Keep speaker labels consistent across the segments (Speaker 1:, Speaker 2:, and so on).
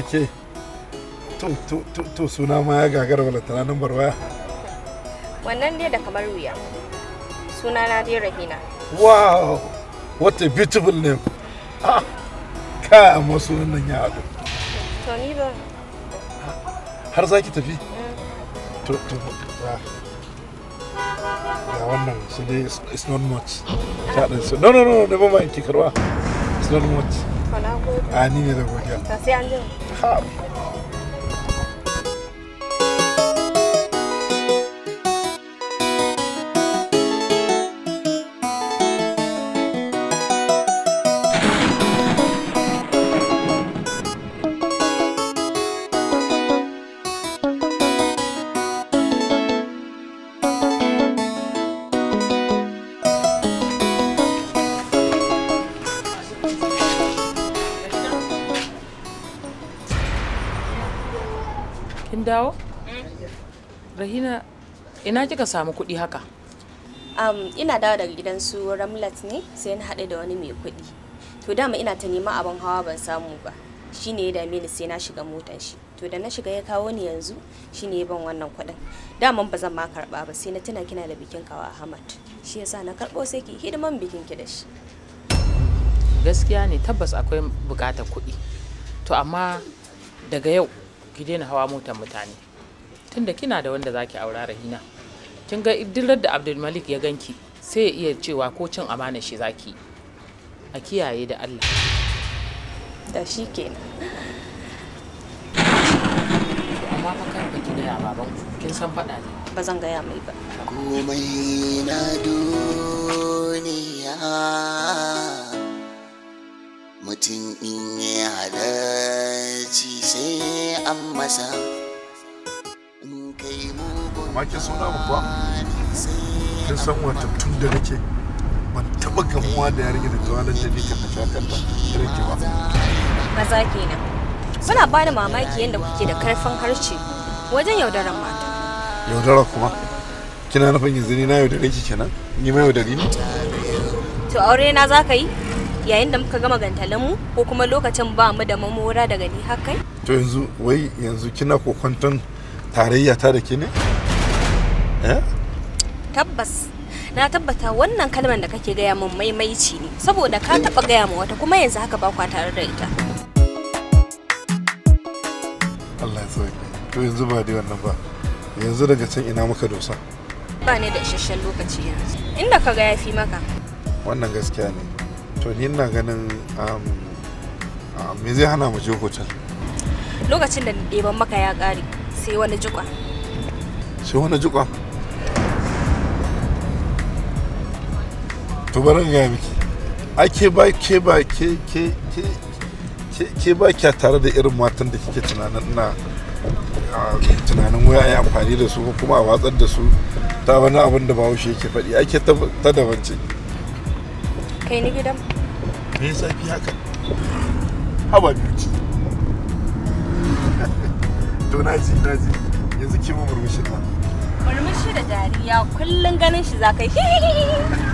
Speaker 1: yanzu ke to suna ma ya gagara balantana nambar waya
Speaker 2: wannan dai da kamar wuya suna na dai rahina
Speaker 1: wow what a beautiful name ah kai amma sunan nan ya haɗu to ni ba har zaki tafi mm. to to ga ah. wannan su dai it's not much no no no never mind ki karwa it's not much 아니라고 그죠?
Speaker 2: 다시 앉아.
Speaker 3: rahina ina kika samu kuɗi haka
Speaker 2: um, ina dawo daga gidan su ramlat ne sai na haɗe da wani mai kuɗi to dama ina ta nema abin hawa ban samu ba shine ya dame ni sai na shiga motan shi to da na shiga ya kawo ni yanzu shine ya ban wannan kuɗin dama ba zan ma karɓa ba sai na tuna kina da bikin kawa ahmad shi yasa na karɓo sai ki hidiman bikin ki da shi
Speaker 3: gaskiya ne tabbas akwai buƙatar kuɗi to amma daga yau ki daina hawa motar mutane tunda kina da wanda zaki aura rahina kin ga iddirar da abdulmalik ya ganki sai ya iya cewa ko cin amana shi zaki a kiyaye da allah da shi kenan
Speaker 2: amma fa kan ki gaya baban kin san faɗa ne ba zan gaya mai ba komai
Speaker 4: na duniya mutum in ya halarci sai an masa
Speaker 1: amma kin so namu ba kin san wata tun da nake ban taba gamuwa da yarinya da kawalan da nake na jakanta irin ki ba
Speaker 2: maza kenan ba bani mamaki yadda kuke da karfin harshe wajen yaudaran mata
Speaker 1: yaudara kuma kina nufin yanzu ni na yaudare ki kenan ni ma yaudare ni
Speaker 2: to aure na za ka yi yayin da muka gama gantalanmu ko kuma lokacin ba mu da mamora daga ni hakai
Speaker 1: to yanzu wai yanzu kina kokwanton tarayya ta da ke ne Eh?
Speaker 2: tabbas na tabbata wannan kalmar da kake gaya min maimaici ne saboda ka taba gaya min wata kuma yanzu haka ba kwa tare da ita
Speaker 1: Allah ya to yanzu ba dai wannan ba yanzu daga can ina muka dosa
Speaker 2: ba ne da isasshen
Speaker 1: lokaci yanzu
Speaker 2: inda ka ga yafi maka
Speaker 1: wannan gaskiya ne to ni ina ganin um, um, me zai hana mu je hotel
Speaker 2: lokacin da ɗeban maka ya ƙare sai wani jikwa
Speaker 1: sai wani jikwa to bari in gaya miki ai ke ba ke ba ke ke ke ke ba kya tare da irin matan da kike tunanin na tunanin waya ya amfani da su kuma a watsar da su ta wani abin da ba wuce yake faɗi ake ta da wance kai ni gidan me yasa fi haka haba biyu to na ji na ji yanzu ki mu murmushi na
Speaker 2: murmushi da dariya kullun ganin shi za ka yi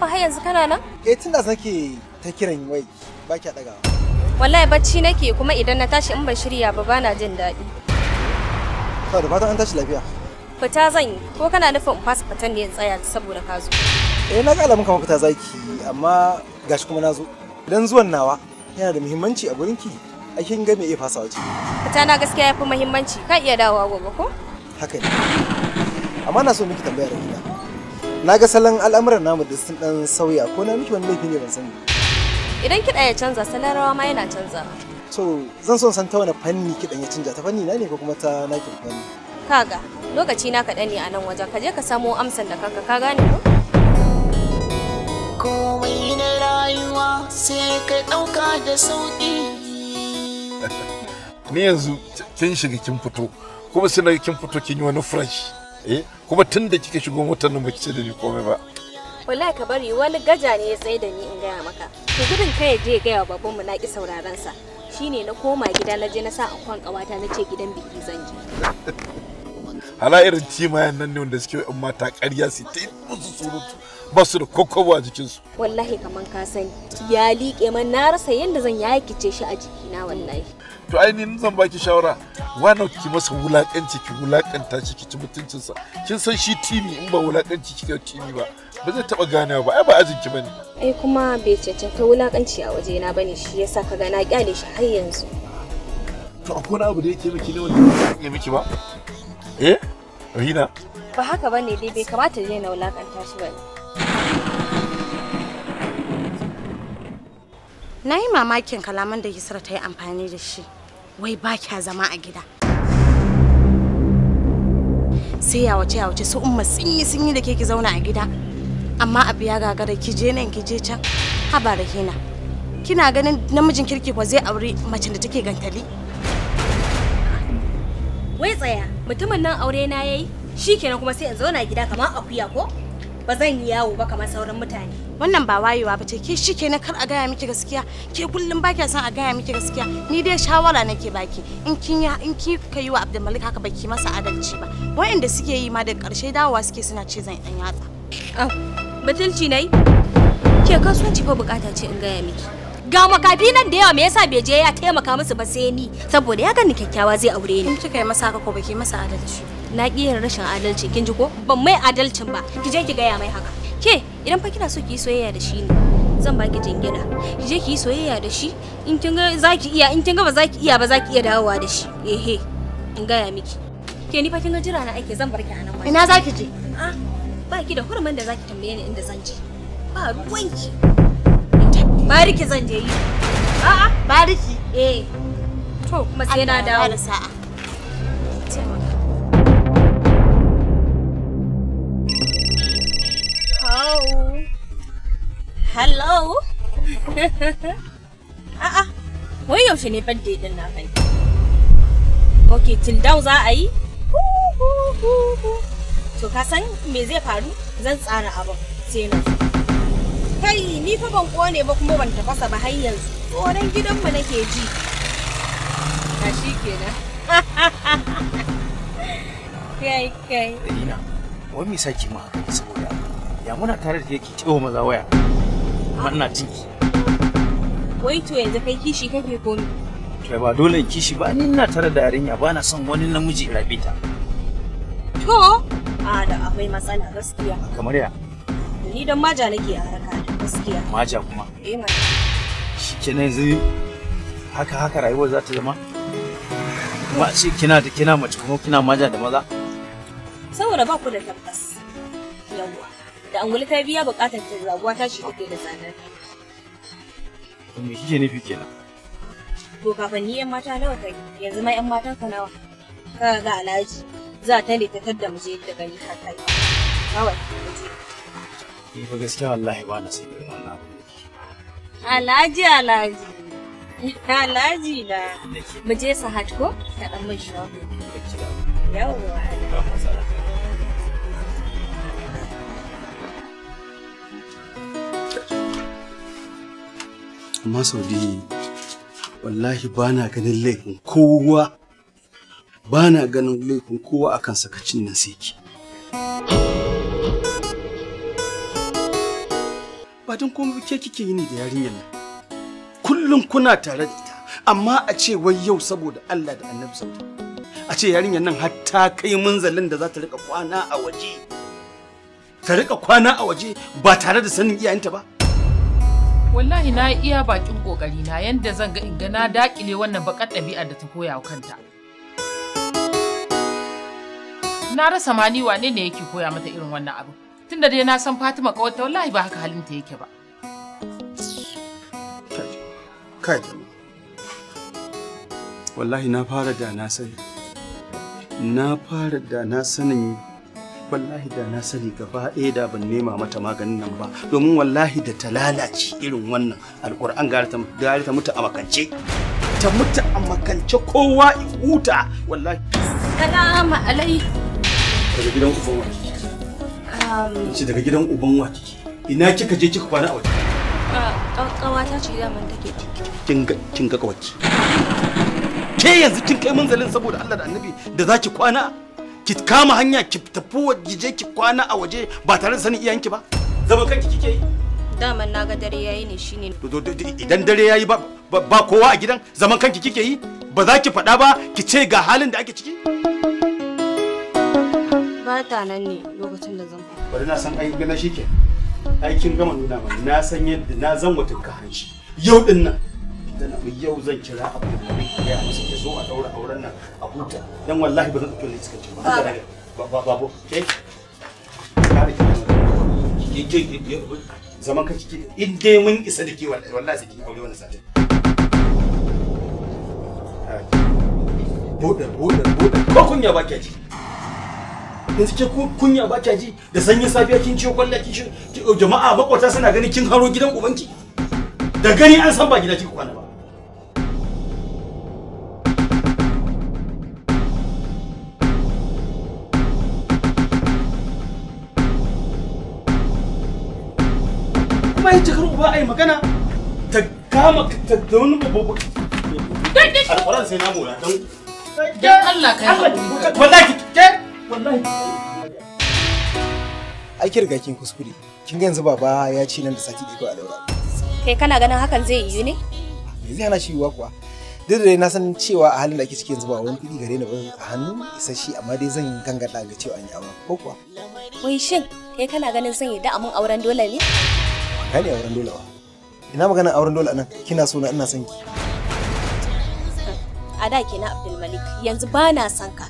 Speaker 2: nufin har yanzu kana nan?
Speaker 5: Eh tun da sake ta kiran wai ba kya dagawa.
Speaker 2: Wallahi bacci nake kuma idan na tashi in ban shirya ba bana jin daɗi.
Speaker 5: To da fatan an tashi lafiya.
Speaker 2: Fita zan yi ko kana nufin in fasa fitan ne in tsaya saboda ka zo.
Speaker 5: Eh na ga alamun fita zaki amma gashi kuma na zo. Idan zuwan nawa yana da muhimmanci a gurin ki a kin ga me iya fasa wace.
Speaker 2: Fita na gaskiya yafi muhimmanci ka iya dawowa gobe ko?
Speaker 5: Haka ne. Amma na so miki tambaya da gida. na ga salon al'amuran namu da sun dan sauya ko na miki wani laifi ne ban sani
Speaker 2: idan kiɗa ya canza salon rawa ma yana canza
Speaker 5: to zan son san ta wani fanni kiɗan ya canza ta fanni na ne ko kuma ta naki fanni
Speaker 2: kaga lokaci na kaɗan ne a nan wajen ka je ka samo amsan da kanka ka gane ko
Speaker 3: komai na rayuwa sai ka ɗauka da sauƙi
Speaker 1: ni yanzu kin shiga kin fito kuma sai na kin fito kin yi wani fresh eh kuma tun da kika shigo motar nan baki ce da ni komai ba
Speaker 2: wallahi ka bari wani gaja ne ya tsaye da ni in gaya maka to gudun kai je gaya wa babanmu na ki sauraron sa shine na koma gida na je na sa kwan kawata na ce gidan biki zan je
Speaker 1: hala irin cimayen nan ne wanda suke in mata ƙarya su ta yi
Speaker 2: musu surutu
Speaker 1: ba su da kokobo a jikinsu.
Speaker 2: Wallahi kaman ka sani ya liƙe man na rasa yadda zan yakice shi a jikina wallahi.
Speaker 1: to ainihin zan baki shawara wani ki masa wulakanci ki wulakanta shi ki ci mutuncinsa kin san shi timi in ba wulakanci kai timi ba ba zai taba ganewa ba ai ba azinki bane
Speaker 2: ai kuma bai ka wulakanci a waje na bane shi yasa ka ga na kyale shi har yanzu
Speaker 1: to akwai abu da yake miki ne wanda ya miki ba eh Rina
Speaker 2: ba haka bane dai bai kamata dai na wulakanta shi bane na yi mamakin kalaman da Hisra ta yi amfani da shi wai ba kya zama a gida sai ya wace ya wace su umma sun yi sun yi da ke ki zauna a gida amma abu ya gagara ki je nan ki je can haba da kina kina ganin namijin kirki kwa zai aure macen da take gantali wai tsaya mutumin nan aure na yayi shikenan kuma sai in zauna gida kamar akuya ko ba zan yi yawo ba kamar sauran mutane wannan ba wayewa ba ce ke shike na kar a gaya miki gaskiya ke kullum ba kya son a gaya miki gaskiya ni dai shawara nake baki in kin ya in ki ka yi wa Abdulmalik haka baki masa adalci ba wayanda suke yi ma da ƙarshe dawowa suke suna ce zan dan yatsa batulci nayi ke kasuwanci fa bukata ce in gaya miki ga makafi nan da yawa me yasa bai je ya taimaka musu ba sai ni saboda ya gani kyakkyawa zai aure ni kin kika yi masa haka ko baki masa adalci na kiyin yin rashin adalci kin ji ko ban mai adalcin ba ki je ki gaya mai haka ke idan fa kina so ki yi soyayya da shi ne zan baki jingina ki je ki yi soyayya da shi in kin ga zaki iya in kin ga ba zaki iya ba zaki iya dawowa da shi ehe in gaya miki ke ni fa kin ga jira na ake zan barki a nan ina zaki je a ah, ba ki da hurumin da zaki tambaye ni inda zan je ba ruwanki bariki zan je yi a bariki eh to kuma sai na dawo da sa'a Hello? a wai yaushe ne birthday din na kai? okay till dawo za a yi? To ka san me zai faru? Zan tsara abin sai na. Kai ni fa ban kone ba kuma ban tafasa ba har yanzu. Tsoron gidanmu nake ji. Ka shi kenan. Kai kai.
Speaker 4: Ina, wai mi saki ma haka saboda ya muna tare da yake cewa maza waya. Amma ina jin ki.
Speaker 2: Wai to yanzu kai kishi kake ko ni?
Speaker 4: To ba dole kishi ba ni ina tare da yarinya ba na son wani namiji rabe ta.
Speaker 2: To, a da akwai matsala gaskiya. Kamar ya? Ni dan maja nake a harka.
Speaker 4: gaskiya maja kuma eh ma shi kenan yanzu haka haka rayuwar za ta zama kuma ce kina da kina mace kuma kina maja da maza
Speaker 2: saboda ba ku da tabbas yawa da anguli ta biya bukatar ta raguwa ta shi take da tsadar
Speaker 4: me kike nufi kenan
Speaker 2: to kafin ni yan mata nawa kai yanzu ma yan matan ka nawa kaga ga alhaji za ta ne ta tadda mu je da gani ka kai kawai
Speaker 4: Ni ba gaskiya wallahi ba na
Speaker 2: Alhaji Alhaji. Alhaji na. Mu je Sahat ko? dan shawo.
Speaker 4: Saudi wallahi ba na ganin laifin kowa ba na ganin laifin kowa akan sakacin nan sai fatan kuma ke kike yini da yarinyar nan kullum kuna tare da ita amma a ce wai yau saboda Allah da Annabi saboda a ce yarinyar nan har ta kai munzalin da za ta rika kwana a waje ta rika kwana a waje ba tare da sanin iyayenta ba
Speaker 3: wallahi na iya bakin kokari na yanda zan ga inga na dakile wannan bakar ɗabi'a da ta koya kanta na rasa mani wane ne yake koya mata irin wannan abu Tunda dai na san Fatima kawarta wallahi ba haka ta yake ba.
Speaker 4: Kai, wallahi na fara da na sani. Na fara da na sanin wallahi da na sani gaba ɗaya da ban nema mata maganin nan ba domin wallahi da ta lalace irin wannan alƙur'an gari ta mutu a makance ta mutu a makance kowa huta wallahi salamu alai daga gidan fa wani Um, ce daga gidan uban wa kike ina kika je kika kwana a waje
Speaker 2: kawata ce daman take
Speaker 4: kin ga kin ke yanzu kin kai munzalin saboda Allah da Annabi da zaki kwana ki kama hanya ki tafi waje ki kwana a waje ba tare da sanin iyayenki ba zama kanki kike yi
Speaker 2: daman naga dare yayi ne shine
Speaker 4: idan dare yayi ba ba kowa a gidan zaman kanki kike yi ba za ki faɗa ba ki ce ga halin da ake ciki ba ta nan ne lokacin da zan fara. Bari na san ai gana shi ke. Aikin gama nuna ba na san yadda na zan wata ka hanshi. Yau din nan. Dan abu yau zan kira abu da ne ya masa ke zo a daura auren nan a huta. Dan wallahi ba zan ɗauki wani iskance ba. Ba ba ba Ke. Kare ki ke ke zaman ka kike in dai mun isa da ke wallahi sai ki aure wannan satin. Bude bude bude ko kunya ba ke ji. yanzu ke kunya ba kya ji da sanyin safiya kin ciyo kwalla kin oh, jama'a makwata suna ganin kin haro gidan ubanki da gani an san ba gida kika kwana ba kuma yi cikar uba a yi magana ta kama ta da wani babu Alƙwaran sai na mora
Speaker 3: don Allah ka yi.
Speaker 4: Wallahi wallahi ai ki riga kuskure
Speaker 5: kin ga yanzu baba ya ci nan da sati da kawai a daura
Speaker 2: kai kana ganin hakan zai yiwu ne
Speaker 5: me zai hana shi yiwuwa kuwa duk da dai na san cewa a halin da ake ciki yanzu ba wani kuɗi gare ni ba a hannu isasshe amma dai zan gangada ga cewa an yi auren ko kuwa
Speaker 2: wai shin kai kana ganin zan yi da'amin auren dole ne
Speaker 5: ka ne auren dole wa? ina magana auren dole anan kina so na ina son ki
Speaker 2: a da kenan abdulmalik yanzu ba na son ka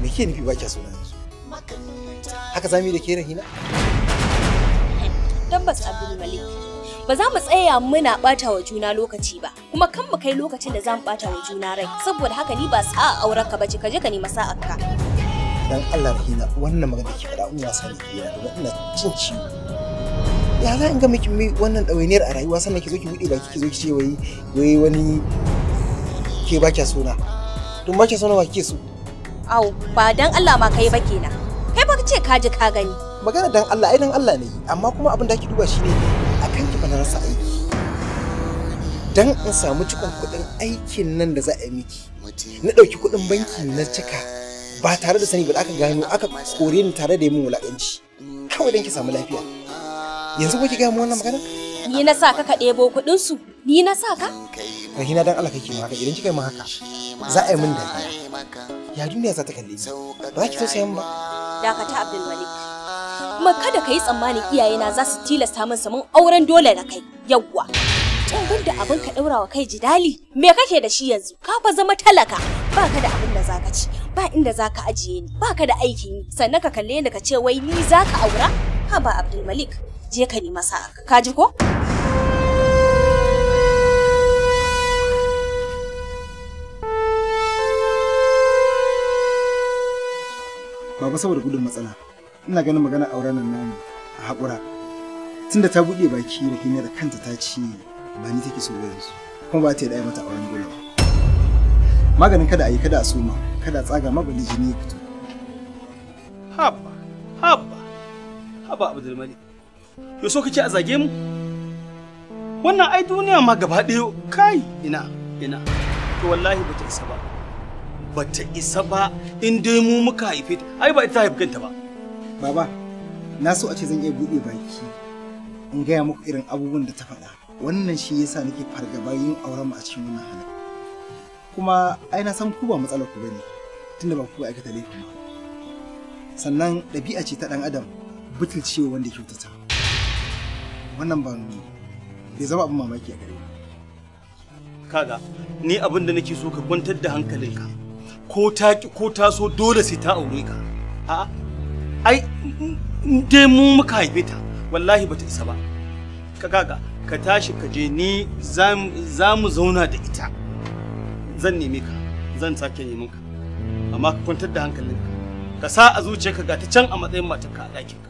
Speaker 5: me ke nufi ba kya suna su? haka za mu yi da ke rahina
Speaker 2: tabbas abdul malik ba za mu tsaya muna bata wa juna lokaci ba kuma kan mu kai lokacin da za mu bata wa juna rai saboda haka ni ba a auren ka bace ka je ka nema sa'a ka
Speaker 5: dan Allah rahina wannan magana da ke faɗa ya sani biya domin ina cin ciwo ya za in ga miki wannan ɗawainiyar a rayuwa sannan ki zo ki buɗe baki ki zo ki ce wai wai wani ke ba kya sona don ba kya sona wa kike so
Speaker 2: Au, ba dan Allah ma kai ba kenan. Kai ba ce ka ji ka gani.
Speaker 5: Magana dan Allah, ai dan Allah ne, amma kuma abin da ake duba shine akan ki bana rasa aiki. Dan in samu cikon kuɗin aikin nan da za a yi miki. Na ɗauki kuɗin banki na cika ba tare da sani ba aka gano aka kore ni tare da yi min wulaƙanci. Kawai dan ki samu lafiya. Yanzu ko ki gaya mu wannan magana?
Speaker 2: Ni na sa ka ka ɗebo kuɗin su. Ni na sa ka?
Speaker 5: Rahina dan Allah kake haka idan kika yi haka za a yi min da Ya duniya za ta kalle ni. Ba za ki tausaya min ba.
Speaker 2: Dakata Abdul Malik. Kuma kada ka yi tsammanin iyayena za su tilasta min samun auren dole da kai. Yawwa. Can gunda abin ka ɗaura wa kai jidali me kake da shi yanzu ka fa zama talaka ba ka da abin da zaka ci ba inda zaka ajiye ni ba ka da aikin yi sannan ka kalle ni ka ce wai ni zaka aura ha ba Abdul Malik je ka yi masa ka ji ko
Speaker 5: Baba saboda gudun matsala ina ganin magana auren nan namu a haƙura tunda ta bude baki da kinya da kanta ta ci ba ni take so yanzu kuma ba ta yi mata auren dole maganin kada a yi kada a soma kada a
Speaker 4: tsaga magwali jini ya fito haba haba haba abdulmalik yo so kake a zage mu wannan ai duniya ma gaba ɗaya kai ina ina to wallahi bata isa ba bata isa ba in dai mu muka haife ta ai ba ita haifi kanta ba baba na so a ce
Speaker 5: zan iya buɗe baki in gaya muku irin abubuwan da ta faɗa wannan shi yasa nake fargaba yin auren mu a cikin wannan halin kuma ai na san ku ba matsalar ku bane tunda ba ku aikata laifin ba sannan ɗabi'a ce ta ɗan adam butulcewa
Speaker 4: wanda kyautata wannan ban bai zama abin mamaki a gare kaga ni abin da nake so ka kwantar da hankalinka ko ta ko ta so dole sai ta aure ka a ai dai mu muka haife ta wallahi bata isa ba ka kaga ka tashi ka je ni za mu zauna da ita zan nemi ka zan sake neman ka amma ka kwantar da hankalinka ka sa a zuciyarka ga ta can a matsayin matarka a ka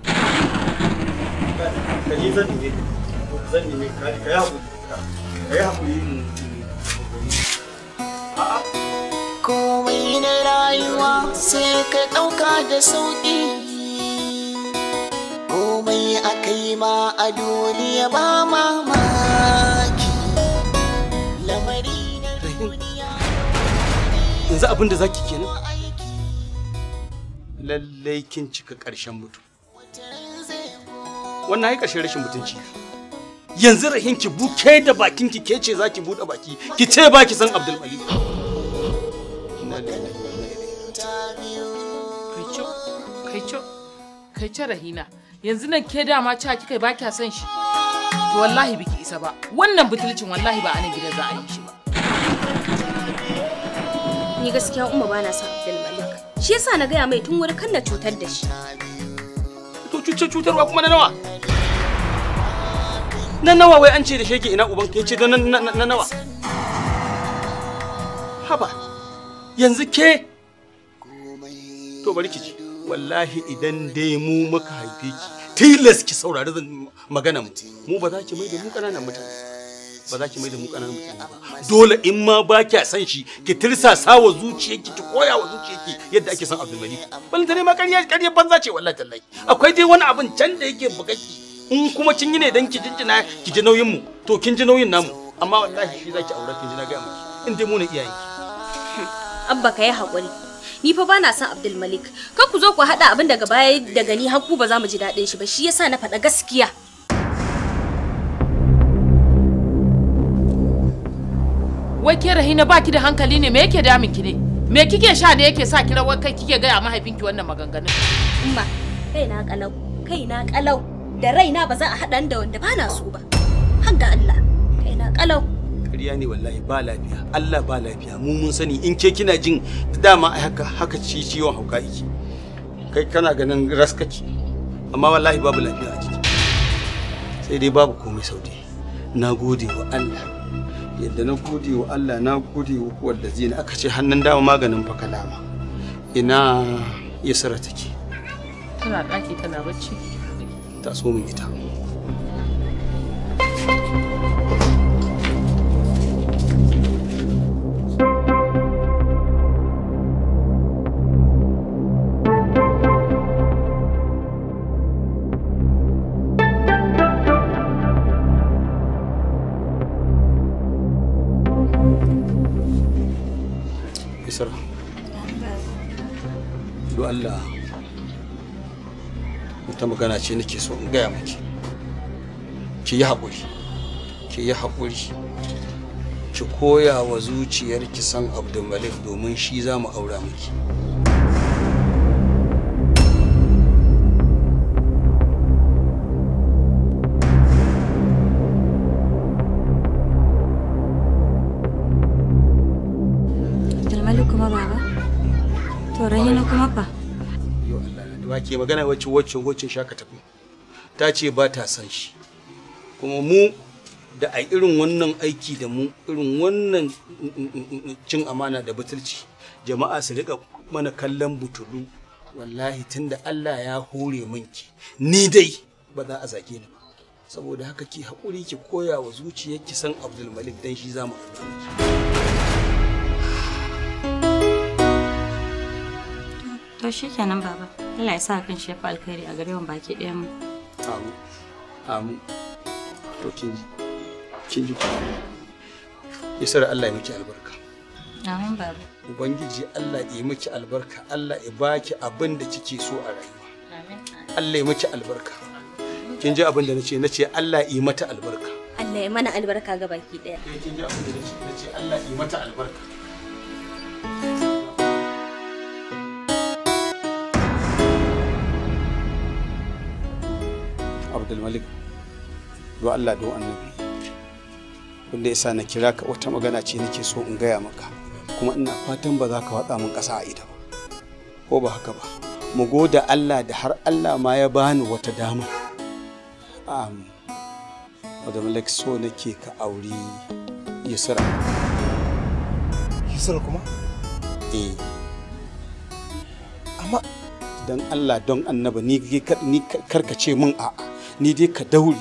Speaker 4: komai
Speaker 3: na rayuwa sai ka ɗauka da sauƙi
Speaker 4: komai aka yi ma a duniya ba mamaki lamari na duniya yanzu abin zaki kenan lallai kin cika ƙarshen mutum wannan ya ƙarshen rashin mutunci yanzu rahin ki buke da bakin ki ke ce zaki buɗe baki ki ce ba ki san abdul malik
Speaker 3: kai ce rahina yanzu nan ke dama cewa kika ba kya san shi to wallahi biki isa ba wannan butulcin wallahi ba nan gidan za a yi shi ba ni gaskiya umma ba na san
Speaker 4: abdul
Speaker 2: malik shi yasa na gaya mai tun wuri kan na cutar da shi
Speaker 4: cutar cutarwa kuma na nawa na nawa wai an ce da shege ina uban kai ce na nawa haba yanzu ke to bari ki ji wallahi idan dai mu muka haife ki tilas ki saurari magana mu mu ba za ki mai da mu ƙananan mutane ba za ki mai da mu ƙananan mutane ba dole in ma ba kya san shi ki tirsasa wa zuciyarki ki koya wa zuciyarki yadda ake son Abdul Malik ban tare ma ƙarya ƙarya banza ce wallahi tallahi akwai dai wani abin can da yake bugaki in kuma kin yi ne dan ki jinjina ki ji nauyin mu to kin ji nauyin namu amma wallahi shi zaki aure kin ji na ga mu in dai mu ne ki
Speaker 2: abba kai hakuri ni fa bana son Abdul Malik. Kar ku zo ku hada abin daga baya daga ni har ku ba za mu ji daɗin shi ba. Shi yasa
Speaker 3: na faɗa gaskiya. wai ke rahina baki da hankali ne me yake damin ki ne me kike sha da yake sa ki rawar kai kike gaya mahaifinki wannan maganganun
Speaker 2: umma kai na kalau kai na kalau da raina ba za a haɗa da wanda bana so ba har ga Allah kai na kalau
Speaker 4: ƙarya ne wallahi ba lafiya Allah ba lafiya mu mun sani in ke kina jin dama haka haka ci ciwon hauka yake kai kana ganin raskaci amma wallahi babu lafiya a ciki sai dai babu komai sauti na gode wa Allah yadda na gode wa Allah na gode wa wadda zina aka ce hannun dama maganin fa kalama ina yasara take
Speaker 3: tana daki tana bacci
Speaker 4: ta so min ita ce nake so in gaya miki ki yi haƙuri ki yi haƙuri ki koya wa zuciyarki san abdulmalik domin shi za mu aura miki ke magana wacce wacce wacce shaka tafi ta ce ba ta san shi kuma mu da a irin wannan aiki da mu irin wannan mm, mm, mm, cin amana da butulci jama'a su rika mana kallon butulu wallahi tunda Allah ya hore minki ni dai ba za a zage ni ba saboda haka ki haƙuri ki koya wa zuciyarki san Abdul Malik dan shi zamu
Speaker 2: To shi kenan baba. Allah ya sa kan shi ya fi alkhairi a gare mu baki ɗayan mu.
Speaker 4: Amu. Amu. To kin ji. Kin ji Ya sara Allah ya miki albarka. Amin baba. Ubangiji Allah ya miki albarka, Allah ya baki abin da kike so a rayuwa. Amin. Allah ya miki albarka. Kin ji abin da nace nace Allah ya mata albarka.
Speaker 2: Allah ya mana albarka ga baki ɗaya. Eh,
Speaker 4: kin ji abin da nace nace Allah ya mata albarka. abdulmalik do allah do annabi wanda yasa na kira ka wata magana ce nake so in gaya maka kuma ina fatan ba za ka watsa min ƙasa a ida ba ko ba haka ba mu goda allah da har allah ma ya bani wata dama malik so nake ka auri yusra yusra kuma eh amma don allah don annaba ni karkace min a'a ni dai ka daure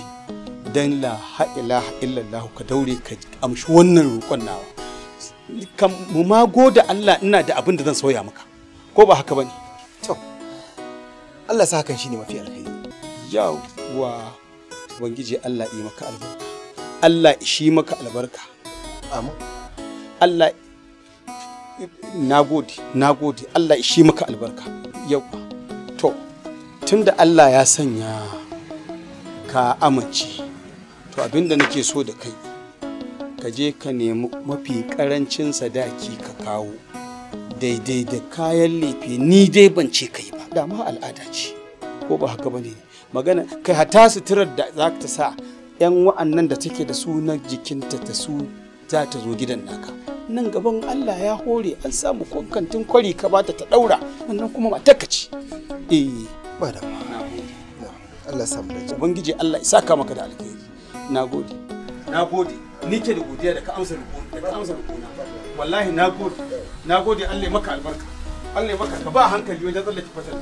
Speaker 4: dan la ha'ilaha illallah ka daure ka amshi wannan roƙon nawa mu ma goda Allah ina da abin da zan sauya maka ko ba haka bane to
Speaker 5: Allah sa hakan shine mafi alheri
Speaker 4: yawwa ubangiji Allah yi maka albarka Allah shi maka albarka amin Allah nagode nagode Allah shi maka albarka yawwa to tunda Allah ya sanya ka amince to abinda nake so da kai ka je ka nemi mafi karancin sadaki ka kawo daidai da kayan lefe ni dai ban ce kai ba dama al'ada ce ko ba haka bane magana kai hata suturar da za ta sa yan wa'annan da take da su jikinta ta su za ta zo gidan naka nan gaban Allah ya hore an samu kwankantin kwari ka bata ta daura wannan kuma matakaci eh ba da ma Allah ya samu da ubangiji Allah isa ka maka da alkhairi nagode nagode nike da godiya da ka amsa da ka amsa rubuna wallahi nagode nagode Allah ya maka albarka Allah ya maka ka ba hankali wajen tsallake fasal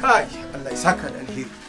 Speaker 4: kai Allah ya saka da alheri